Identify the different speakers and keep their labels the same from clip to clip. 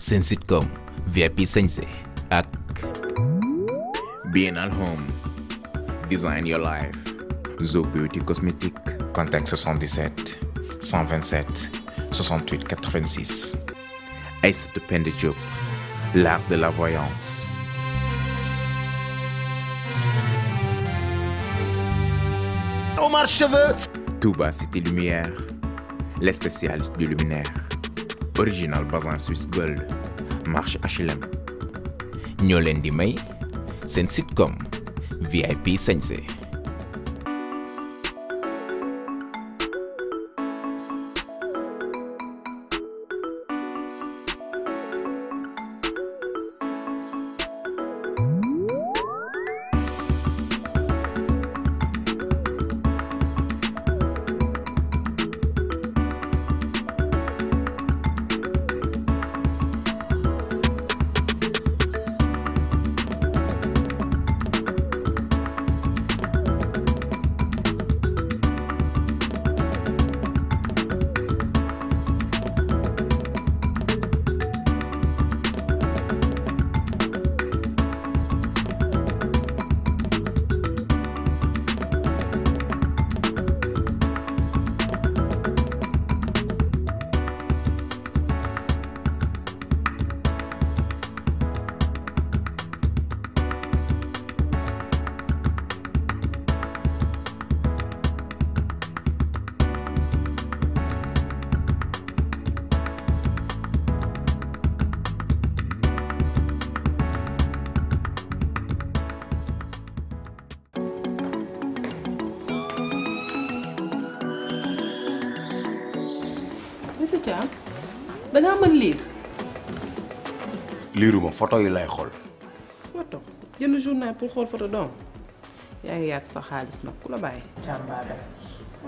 Speaker 1: seen sitcom VIP Sensei. ak being at home design your life Zo Beauty Cosmétique contact 77 127 68 86 Ice de job. l'art de la voyance
Speaker 2: Omar Cheveux
Speaker 1: Touba Cité Lumière les spécialistes du luminaire original Bazin suisse Gold marche HLM ñoo de may sitcom VIP Sensei.
Speaker 3: Thiam da ngaa mën lire.
Speaker 2: liiruma photo yi lay xool.
Speaker 3: photo jënd journal pour xool photo doom yaa ngi yaat sa xaalis nag ku la bàyyi.
Speaker 2: jàmbaare ku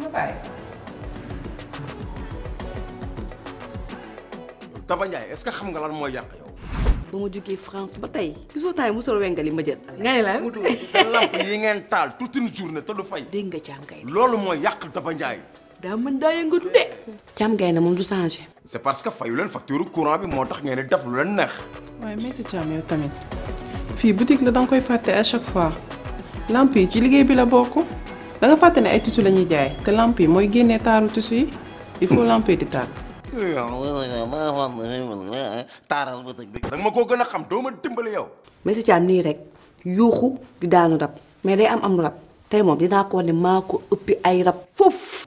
Speaker 2: la xam nga lan mooy yàq yow.
Speaker 3: ba ma jógee France ba tey.
Speaker 2: gisoo taay musal wengali ma jël. nga ne sa lamp yi ngeen taal toute une journée te du fay. dégg nga càngay. loolu mooy yàq Daba daa mën daa yëngatu de. Thiam Gaynde moom du changé. c' parce que fayu leen facture moo tax ngeen
Speaker 3: di fii boutique la da koy fàtte à chaque fois yi ci liggéey bi la bokk da nga fàtte ne ay tissu te lampe yi mooy génnee taaru tissu yi il faut lampe yi di taal.
Speaker 2: taaral boutique bi. da ma koo gën a xam doo ma dimbali yow.
Speaker 3: mais si Thiam nii rek di daanu rab mais day am am rab tey moom dinaa ko ne maa ko ëppi ay rab foofu.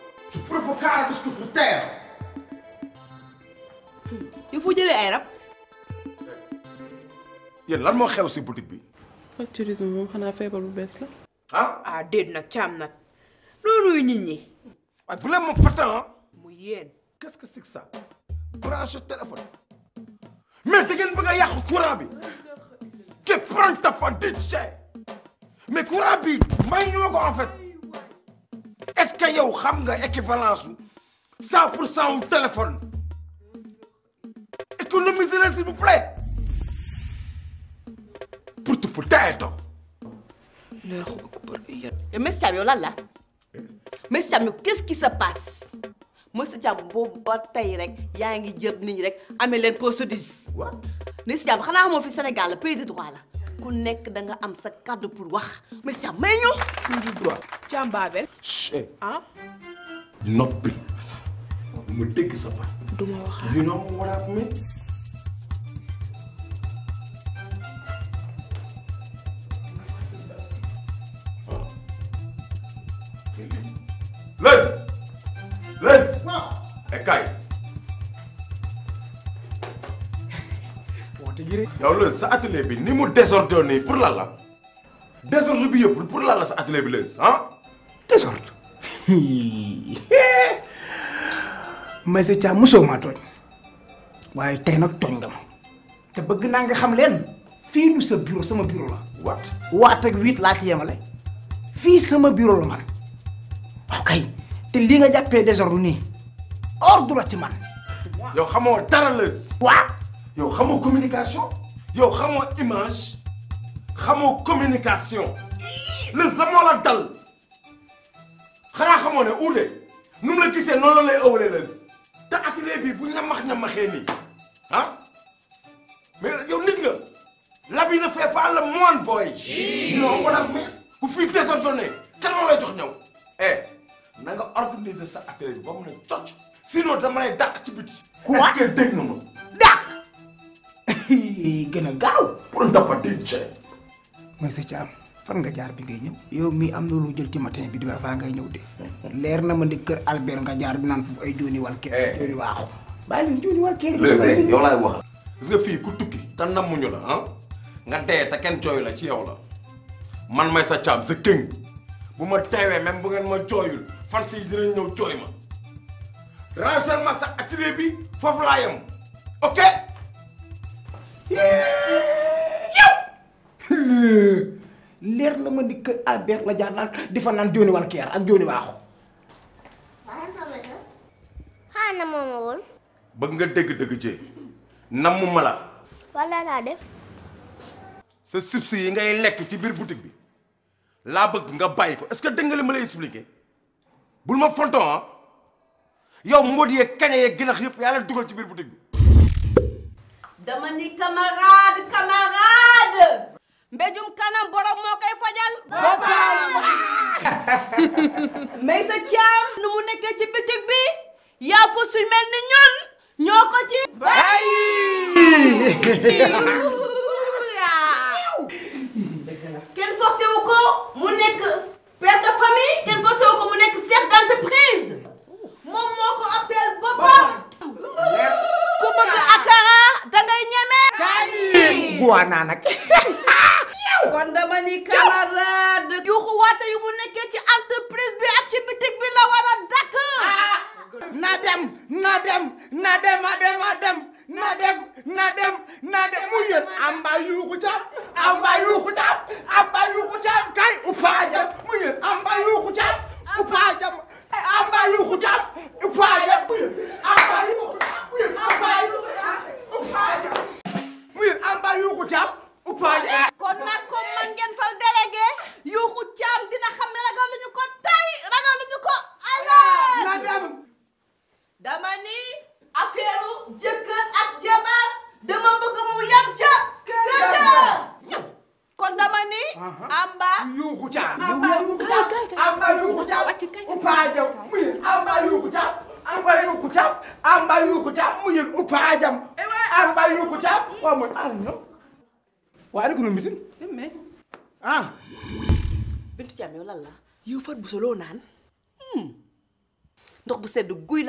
Speaker 2: Provocaram-nos que puteiro! Il faut jëlee ay rab. yéen lan moo xew si boutique bi.
Speaker 3: tourisme moom xanaa feebar bu bees la. ah ah déet na. caam nag loolu nit ñi. waaye
Speaker 2: bu leen ma fàttal mu yéen. qu'est-ce que c'est que ça branche téléphone mais da ngeen bëgg a que prend ta fan mais courant bi may en fait. que yow xam nga équivalence 100% au téléphone économisez la s'il vous plaît pour tout pour taeto
Speaker 3: leexu akbar bi yat mais Thiam yow lan mais qu'est-ce qui se passe monsieur Diab bo ba tay rek yaa ngi jël nit rek amé len leen procédures what monsieur Diab xana xamoo fi Sénégal le pays de droit là ku nekk da nga am sa pour wax mais ça tu ñu. tu droit. Babel. ah.
Speaker 2: nopi mu sa fa. you know what I mean. yére yow le sa atelier bi ni mu désordonné pour la la désordre bi yëpp pour la la sa atelier bi le ah désordre
Speaker 4: mais c'est ça maa ma toñ waye tay nak toñ dama te bëgg na nga xam leen fi lu sa bureau sama bureau la wat wat ak 8 la ci yemalé fi sama bureau la man waaw te li nga jappé désordre ni ordre la ci man yow xamoo dara leus waa
Speaker 2: Yo, xamoo communication yo image communication le la la dal ne uude la gisee non la lay ëwree lës ta atelier bi bu ah? mais nit nga ne fait pas le moine boy non wala mais ku fi désordonné lay jox eh organiser atelier ba mu ne sinon dama lay quoi gën a gaaw pour ndappa DJ mais sa caam
Speaker 4: fan nga jaar bi ngay ñëw yow mii am na lu jël ci matin bi di ba ngay de leer na ma ni kër Albert nga jaar bi naan foofu ay jooni wal kër jooni waaxu bàyyi leen jooni wal kër léegi yow laay
Speaker 2: waxal gis nga fii ku tukki la nga la ci yow la man may sa caam sa king bu ma même bu ngeen ma jooyul fan si dinañ ñëw ma sa
Speaker 4: leer na ma ni kër Albert la jaar di fa naan wal keer ak jooni waaxu. xanaa na moom woon.
Speaker 2: nga dëgg-dëgg ci namm ma
Speaker 4: wala laa def.
Speaker 2: sa chips yi ngay ci boutique bi laa bëgg nga bàyyi est-ce que dégg ma lay ah. yow ginax dugal ci bi.
Speaker 3: dama ni camarade camarade. mbéjum kanam borom moo koy fajal. boppam mais caam nu mu nekkee ci bitig yaa fa suñ mel ni ñoo ko ci. bàyyi. naa nag. kon dama ni camarade. mu nekkee ci entreprise bi ak ci bi la war a dakk. Ah. na dem na dem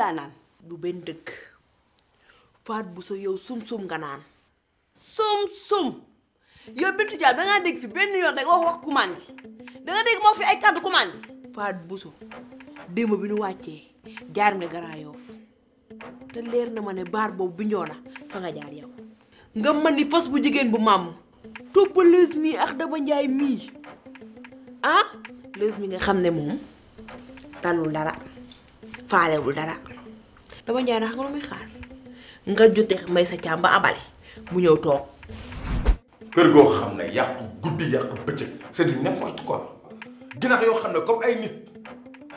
Speaker 3: laa nan du ben dëgg fat bu so yow sum-sum nga nan sum-sum yow Bintu Jaab da nga deg fi benn yoon rek wax wax commande da nga deg mo fi ay kàddu commande buso di bi nu wacce jaar me gara Yoff te leer na mané ne baar boobu bi njoona fa nga jaar yow nga man ni fas bu jigen bu mam toppa lës mi ak daba njaay mi ah lës mi nga xamne ne moom talul dara faalewul dara dama njaay na nga lu muy xaar nga jotee may sa càmba abale mu ñëw toog
Speaker 2: kër goo xam ne yàqu guddi yàqu bëccëg c'est du n'importe quoi yoo xam ne comme ay nit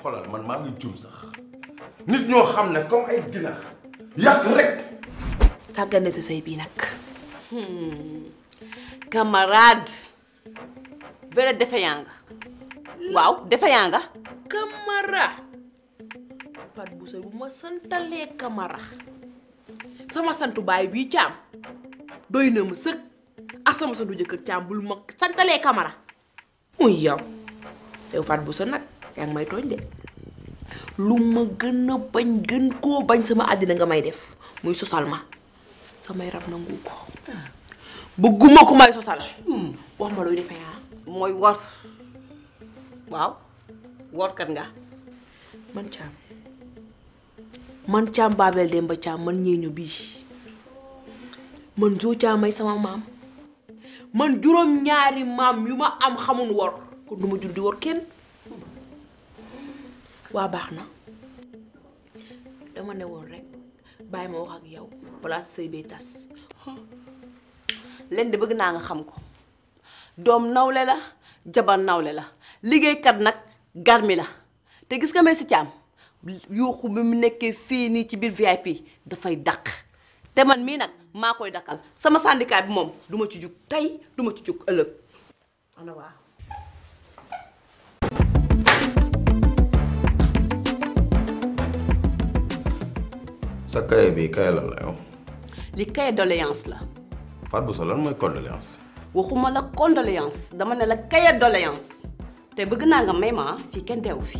Speaker 2: xoolal man ñoo xam ne comme ay ginnaaw yàq rek
Speaker 3: sàggane sa sëy bii nag hmm. camarade vrai defe waaw defe yaa Pat Bousso bu ma santale kamara sama santu baay bi cham doyna na ma sëkk ak ah, sama santu jëkkër caam bul ma santale kamara mu yow yow fat bu nag nak yang may togn de lu ma gëna bañ gën ko bañ sama adina nga may def muy sosal ma samay rab nangu ko bëgguma ko may sosal hmm. wax ma looy defee ah mooy wor waaw kat nga man cham man Thiam Babel Demba Thiam man ñeeñu bii man zoo caamay sama maam man juróom ñaari maam yu ma am xamun wor kon du jur di wor kenn waa baax na dama ne woon rek bàyyi ma wax ak yow balaa sëy bay tas leen de bëgg naa nga xam ko doom nawle la jabar nawle la liggéeykat nag garmi la te gis nga si Thiam yuuxu bi mu nekkee fii nii ci biir VIP dafay daq te man mii nag maa koy dàqal sama syndicat bi moom duma ma ci jug tey du ma ci jug ëllëg ana waaw
Speaker 2: sa kaye bi kaye lan la yow.
Speaker 3: li kaye doléance la.
Speaker 2: Fatou Bousso lan mooy condoléance.
Speaker 3: waxuma la condoléance dama ne la kaye doléance te bëgg naa nga may ma fii kenn deewu fi.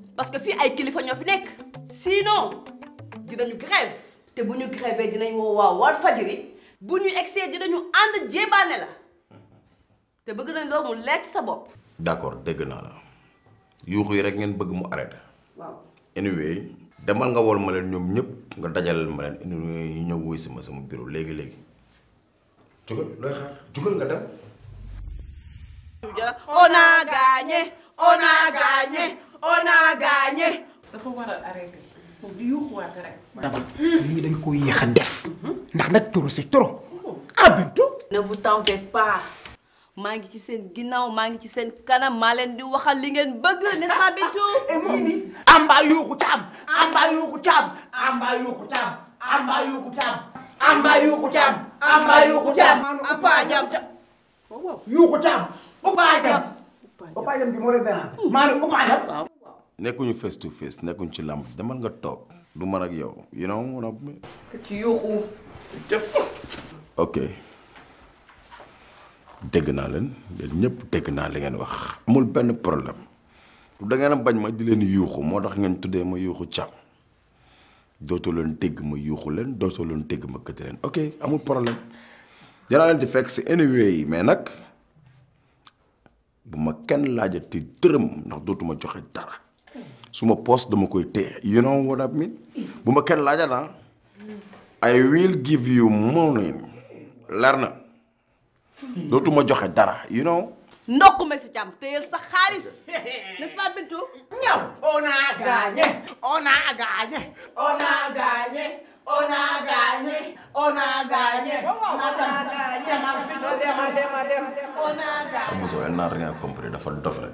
Speaker 3: parce que fii ay kilifa ñoo fi nekk sinon dinañu grève te bu ñu grève dinañ woo waa Walfadjri bu ñu egsee dinañu ànd jébaane la te bëgg nañ loo mu leer sa bopp
Speaker 2: d'accord dégg naa la yuuxu yi rek ngeen bëgg mu arrêté anyway demal nga wol ma leen ñoom ñëpp nga dajaleel ma leen anyway ñu ñëw sama sama bureau léegi léegi jugal looy xaar jugal nga dem
Speaker 3: on a gagné on a gagné on a gagné. dafa war a arrêté di yuuxuwaat rek.
Speaker 2: d'abord
Speaker 4: lii dañ ko yéex a def ndax nag trop c'est trop à oh.
Speaker 3: ah, bientôt. ne vous tentez pas. maa ngi ci seen ginnaaw maa ngi ci seen kanam maa leen di waxal li ngeen bëgg n'est-ce pas Bintu. Eh, mu ngi nii Amba yuuxu caam. Amba yuuxu caam. Amba yuuxu caam.
Speaker 4: Amba yuuxu caam. Amba yuuxu caam. Amba yuuxu caam. Amba jam ca. yuuxu caam. Upa jam. Upa jam bi moo leen gën a. maa ne Upa
Speaker 3: jam.
Speaker 2: nekkuñu face to face nekkuñu ci làmp demal nga toog du man ak yow you know mun
Speaker 1: a ci yuuxu jëf
Speaker 2: ok dégg naa leen yéen ñëpp dégg naa la ngeen wax amul benn problème da ngeen a bañ ma di leen yuuxu moo tax ngeen tuddee ma yuuxu càmm dootoo leen dégg ma yuuxu leen dootoo leen dégg ma gëdd leen ok amul problème dinaa leen di fekk si anyway yi mais nag bu ma kenn laajati dërëm ndax dootuma joxe dara suma poste dama koy téye you know what I mean bu ma kenn laajal ah I will give you money leer na dootuma joxe dara you know.
Speaker 3: ndokk ma si jàmm téyel sa xaalis n'est-ce pas Bintou. ñëw on a gagné on a gagné on a gagné on a gagné on a gagné on a gagné.
Speaker 2: Amouso elle n'a rien compris dafa dof rek.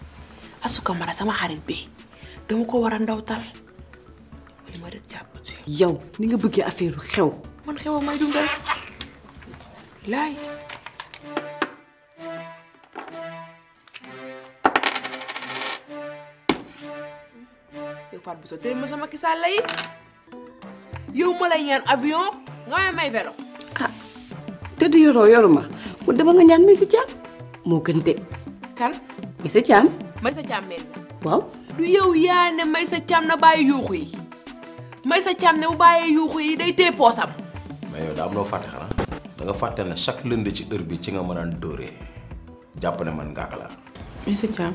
Speaker 3: asuka mara sama hari be dama ko waran a ndawtal li ma rek jàpp ci yow ni nga mana kau xew man xew may dundal lay yow faat bu so tëri ma sama lay yow ma lay avion nga may may vélo ah te du royal yoruma mu dama nga ñaan may si caam kan may may sa càmm mel waaw du yow yaa ne may sa càmm na bàyyi yuuxu yi may sa càmm ne bu bàyyee yuuxu yi day téye poosam.
Speaker 2: mais yow daa am loo fàtte xanaa da fàtte ne chaque lundi ci heure bi ci nga mën a dóoree jàpp ne man ngaaka la.
Speaker 3: may sa càmm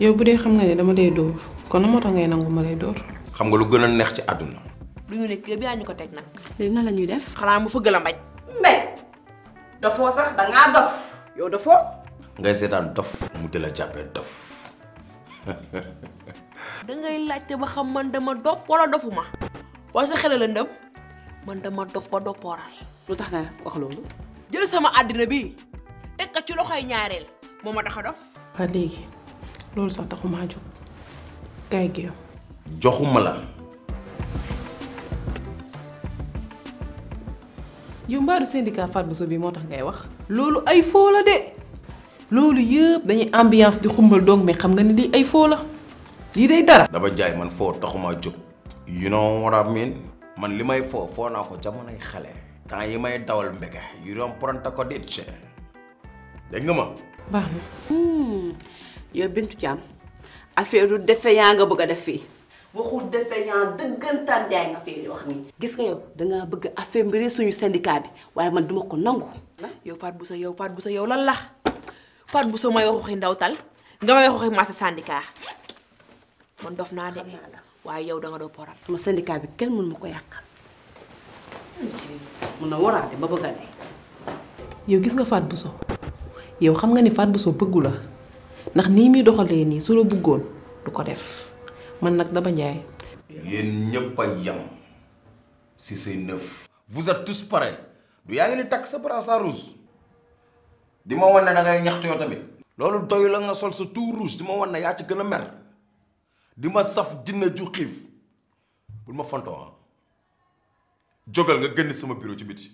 Speaker 3: yow bu dee xam nga ne dama lay dóor kon moo tax ngay nangu ma lay dóor.
Speaker 2: xam nga lu gën a neex ci àdduna.
Speaker 3: lu ñu nekk yëpp yaa ñu ko teg nag. léegi na la ñuy def. xanaa mu fëgg la mbaj. mbéy dafoo sax da dof yow dafoo.
Speaker 2: ngay sétan dof mu dila jappé dof
Speaker 3: da ngay laajte ba xam man dama dof wala dofuma wa sa xélé la ndëm man dama dof ba do poral lutax nga wax lolu jël sama adina bi tek ci loxoy ñaareel moo ma dof
Speaker 1: ba légui lolu sax taxuma jóg kay gi gitu.
Speaker 2: joxuma la
Speaker 3: yu mbaru syndicat Fatou so bi motax ngay wax lolu ay fo la de loolu yëpp dañuy ambiance di xumbal dong mais xam nga ni lii ay foo la
Speaker 2: lii day dara. daba jaay man foo taxuma jóg. you know what I mean. man li may foo foo naa ko jamonoy xale. temps yi may dawal mbege yu doon pronto ko dit ci dégg nga ma.
Speaker 3: baax na. Hmm. yow Bintu Thiam affaire du defe yaa nga bëgg a def fii. waxul defe yaa dëggantaan jaay nga fii wax nii. gis nga yow dangaa bëgg affaire mbiri suñu syndicat bi waaye man duma ko nangu. yow Fatou Bousso yow Fatou Bousso yow lan la fat bu soo may wax waxi ndawtal nga may wax waxi maasa syndicat ya. mon dof na de waye yow da nga do poral sama syndicat bi kel mun ko mun na waraate ba bëgg a yow gis nga fat bu so yow xam nga ni fat bu so beugula nak ni mi doxale ni su du ko def man daba njaay
Speaker 2: yen ñëpp yam si sey neuf vous êtes tous pareils du yaa ngi ni takk sa rouge di ma wan da ngay ñaxtu yoo tamit lolu doy la nga sol sa tour rouge di ma wan ne ci gëna mer di ma saf dina ju xif bu ma fonto ah jógal nga génn sama bureau ci biti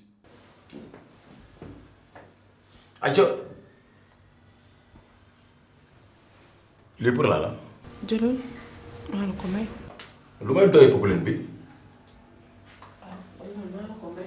Speaker 2: ajo lii pour la la
Speaker 1: jëlul
Speaker 4: maa la ko may lu may doy problème bi waaw
Speaker 2: maa ko may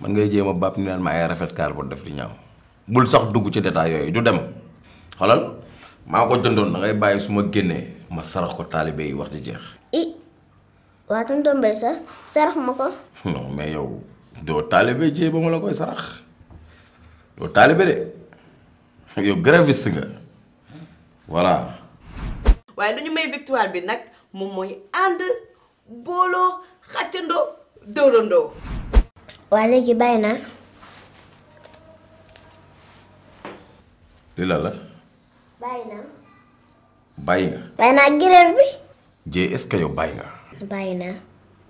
Speaker 2: man ngay jéem a bàpp ñu naan ma ay rafet kaar pour def li ñaaw bul sax dugg ci détail yooyu du dem xoolal maa ko jëndoon da ngay bàyyi su ma génnee ma sarax ko taalibe yi wax ci jeex.
Speaker 4: i waa tonton sax sarax ma ko.
Speaker 2: non yow doo taalibe jéem koy sarax doo taalibe de yow graviste nga voilà.
Speaker 3: waaye lu ñu may victoire bi nag moom mooy ànd booloo xàccandoo dóorandoo. waa léegi bàyyi naa.
Speaker 2: lii la la. bàyyi naa. bàyyi
Speaker 4: naa grève bi.
Speaker 2: Dieye est-ce yow bàyyi nga. bàyyi naa.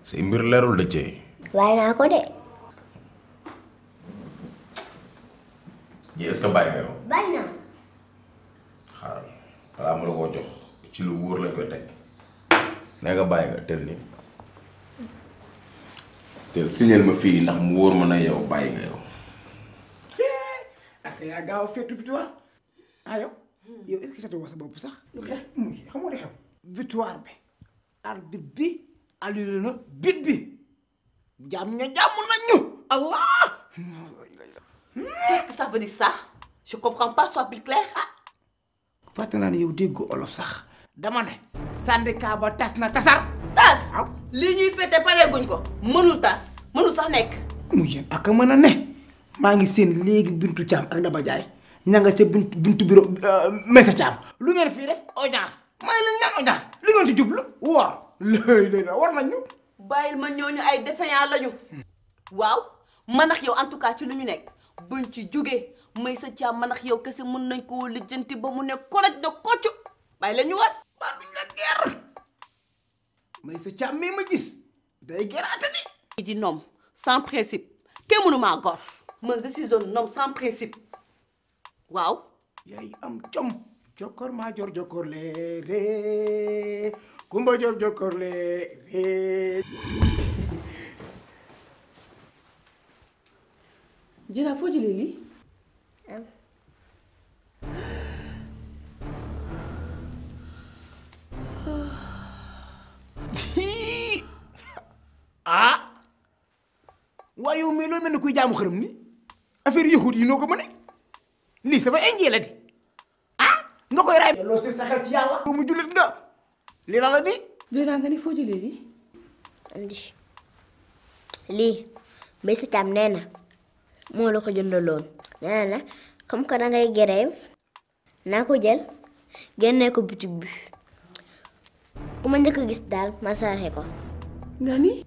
Speaker 2: say mbir leerul la Dieye.
Speaker 4: bàyyi naa ko de.
Speaker 2: Dieye est-ce bàyyi nga yow. bàyyi naa. xaaral balaa ma la jox ci lu wóor lañ koy teg. nee nga bàyyi nga teel nii. te signal ma fi ndax mu wor ma na yow bàyyi nga yow.
Speaker 4: ak ya gaaw a féetu victoire ah yow est ce que sa sa bop sax. lu xew xam nga li xew. victoire bi
Speaker 3: arbitre bi annulé na bit bi jàmm ña jàmm nañu allah. qu'est-ce que ça veut dire ça je comprends pas soit plus clair ah.
Speaker 4: fàtte naa yow deggu olof sax
Speaker 3: dama ne. syndicat ba tas na tasar tas li ñuy fété paré guñ ko mënul tas mënul sax nek mu
Speaker 4: yéen ak mëna né ne ngi seen légui bintu cham ak daba jaay ña nga bintu bintu biro mesa cham lu ngeen fi def audience ma la ñaan audience lu ngeen ci djublu wa
Speaker 3: lay lay war ñu bayil ma ñoñu ay défaillant lañu waaw man ak yow en tout cas ci lu ñu nek buñ ci jugee may sa cham man ak yow kessé mën nañ koo ba mu ko rek de ko ci la lañu war ba duñ la guerre may sa càmm ma gis day gëraate bi di noom sans principe kenn mënu maa gor man je suis un homme sans principe waaw yaay
Speaker 4: am jom jokkoor maa jor jokkoor le kumba jor jokkoor le ré foo jëlee lii ah waaye yow mii loolu mel ni kuy jaamu xërëm ni affaire yahud yi noo ko mëne lii sama injil ah nga koy raay. loolu si sa nga lii la la ni lii. andi lii bés itam moo la ko jëndaloon nee na comme que da ngay grève naa ko jël génne ko boutique bi ku njëkk a gis daal ma saraxe ko.
Speaker 3: nga ni.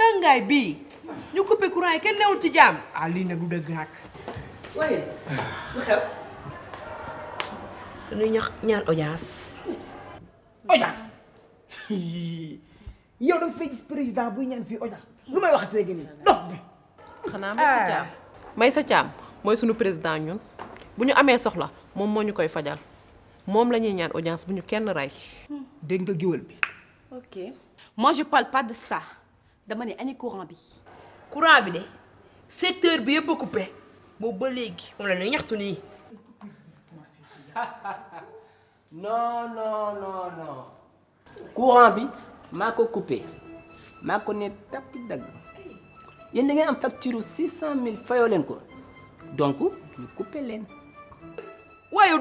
Speaker 3: tàngaay bi ñu coupé courant yi kenn newul ci jaam ah lii nag du dëgg nag. waaye lu xew. dañuy ñax ñaan audience. audience.
Speaker 4: yow da nga président buy ñaan fii audience lu may wax léegi nii dox bi. xanaa may sa
Speaker 3: ah. caam may mooy sunu président ñun bu ñu amee soxla moom moo ñu koy fajal moom lañuy ñaan audience bu ñu kenn rey. dégg nga géwël bi. ok moi je de sa dama ne ani courant bi. courant bi de secteur bi coupé ba la
Speaker 4: non non non non.
Speaker 3: courant bi coupé ne tàpp da am facture six cent mille ko donc ñu coupé len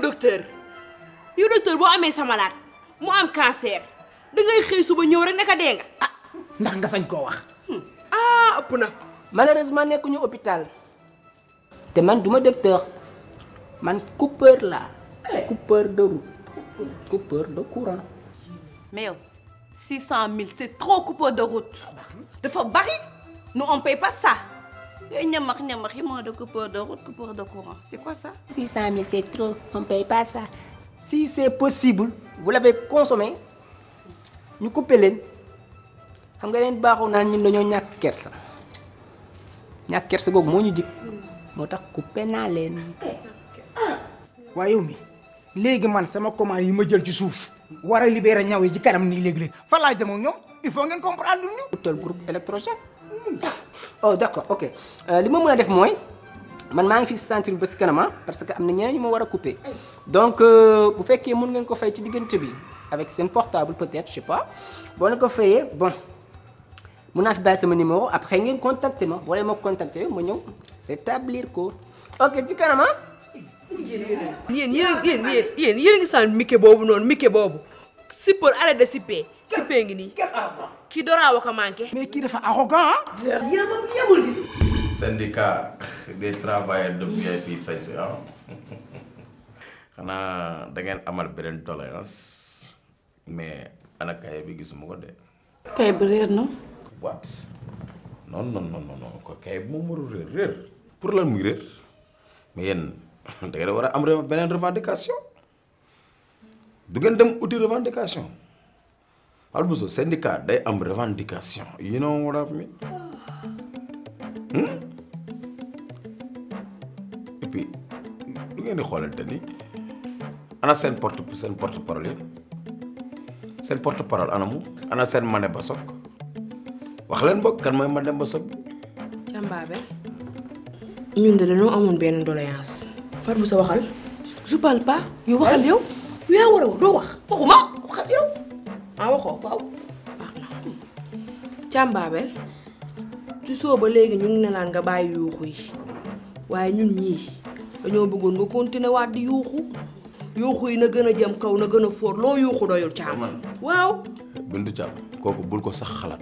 Speaker 3: docteur docteur bo amé cancer da ngay
Speaker 4: ndax nga sañ wax. Hmm.
Speaker 3: ah ëpp na. malheureusement nekkuñu hôpital. te man duma docteur man coupeur là..!
Speaker 4: coupeur de route. coupeur de courant.
Speaker 3: mais 600 600000 c'est trop coupeur de route. Ah bah, hein. dafa bari nous on paye pas ça. yooyu ñamax ñamax yi de coupeur de route coupeur de courant c'est quoi ça. 600000 c'est trop on paye pas ça. si c'est possible vous l'avez consommé nous couper leen xam nga leen baaxoo naan ñun dañoo kersa kersa ku mi
Speaker 4: man sama yi ma jël ci a ñaw yi ci kanam fa
Speaker 3: groupe électrogène oh d'accord ok euh, li ma mën man ngi fi ah, parce que am na ñeneen ñu ma a couper donc euh, bu fekkee mën ngeen ko fay ci avec seen portable peut-être je sais pas bon je vais vous mon numéro après contacter wala me contacter rétablir ko ok ci kanam ah. yéen yéen yéen yéen yéen de sippe sippe ngi mais dafa arrogant ah. di.
Speaker 1: syndicat
Speaker 2: des travailleurs de VIP sañse ah. amal mais ana kaye bi gisuma de. kaye bi what non non non non non. kay non, non, non, non, pour non, non, mais non, da non, non, non, am non, revendication du non, dem revendication syndicat day revendication you know what I mean hmm? et puis du non, di non, non, ana non, porte porte parole non, porte parole wax leen bokk kan mooy Mademba Sob.
Speaker 3: Càmbaabe ñun de dañoo amoon benn doléance. far bu sa waxal. je parle pas yow waxal yow. yaa war a wax doo wax waxuma waxal yow ah waxoo waaw. càmbaabel ci soo ba léegi ñu ngi ne naan nga bàyyi yuuxu yi waaye ñun ñii dañoo bëggoon nga continuer waat di yuuxu yuuxu yi na gën a jëm kaw na gën a fort loo yuuxu doyul càmm waaw.
Speaker 2: bindu càmm kooku bul ko sax xalaat.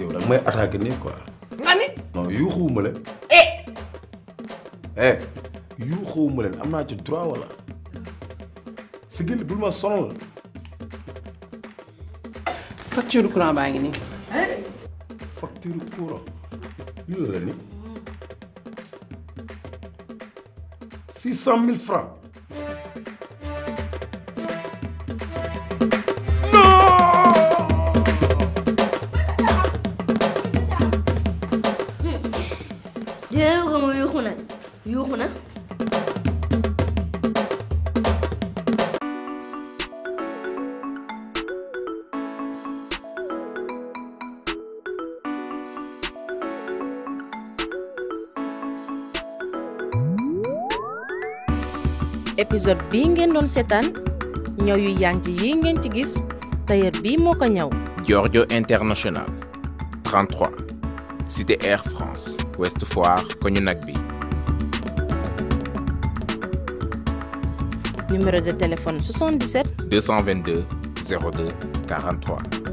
Speaker 2: yow da nga may attaqué nii quoi. non yuuxuwuma leen. eh. eh yuuxuwuma am naa ci droit wala. sigil bul ma sonal. facture courant baa ngi nii. Eh? facture courant lii la la nii. six cent mille francs.
Speaker 3: épisode bi ngeen doon seetaan yu yi ngeen ci gis
Speaker 1: Giorgio International 33 Cité Air France Ouest Foire koñu
Speaker 3: numéro de téléphone 77
Speaker 1: 222 02 43